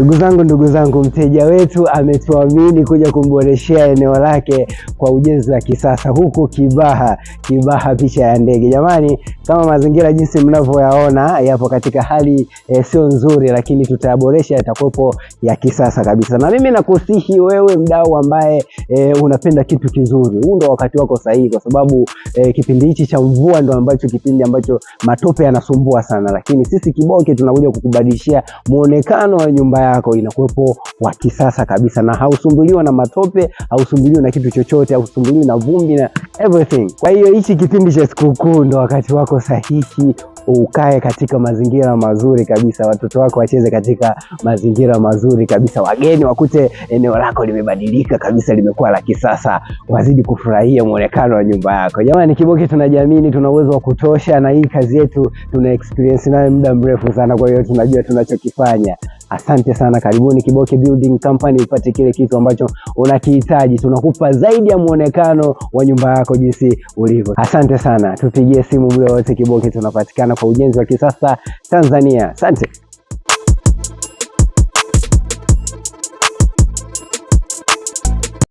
Ndugu zangu, ndugu zangu, mteja wetu ametuamini kuja kumboreshea eneo lake kwa ujenzi wa kisasa huko Kibaha. Kibaha, picha ya ndege. Jamani, kama mazingira jinsi mnavyoyaona yapo katika hali e, sio nzuri, lakini tutayaboresha yatakuwepo ya kisasa kabisa. Na mimi nakusihi wewe mdau ambaye e, unapenda kitu kizuri, huu ndo wakati wako sahihi, kwa sababu e, kipindi hichi cha mvua ndo ambacho kipindi ambacho matope yanasumbua sana, lakini sisi Kiboke tunakuja kukubadilishia muonekano wa nyumba yako inakuwepo wa kisasa kabisa, na hausumbuliwi na matope, hausumbuliwi na kitu chochote, hausumbuliwi na vumbi na everything. Kwa hiyo hichi kipindi cha sikukuu ndo wakati wako sahihi ukae katika mazingira mazuri kabisa, watoto wako wacheze katika mazingira mazuri kabisa, wageni wakute eneo lako limebadilika kabisa, limekuwa la kisasa, wazidi kufurahia muonekano wa nyumba yako. Jamani, Kiboke tunajiamini, tuna uwezo wa kutosha, na hii kazi yetu tuna experience nayo muda mrefu sana, kwa hiyo tunajua tunachokifanya. Asante sana, karibuni Kiboke Building Company upate kile kitu ambacho unakihitaji. Tunakupa zaidi ya muonekano wa nyumba yako jinsi ulivyo. Asante sana, tupigie simu muda wote Kiboke, tunapatikana kwa ujenzi wa kisasa Tanzania. Asante.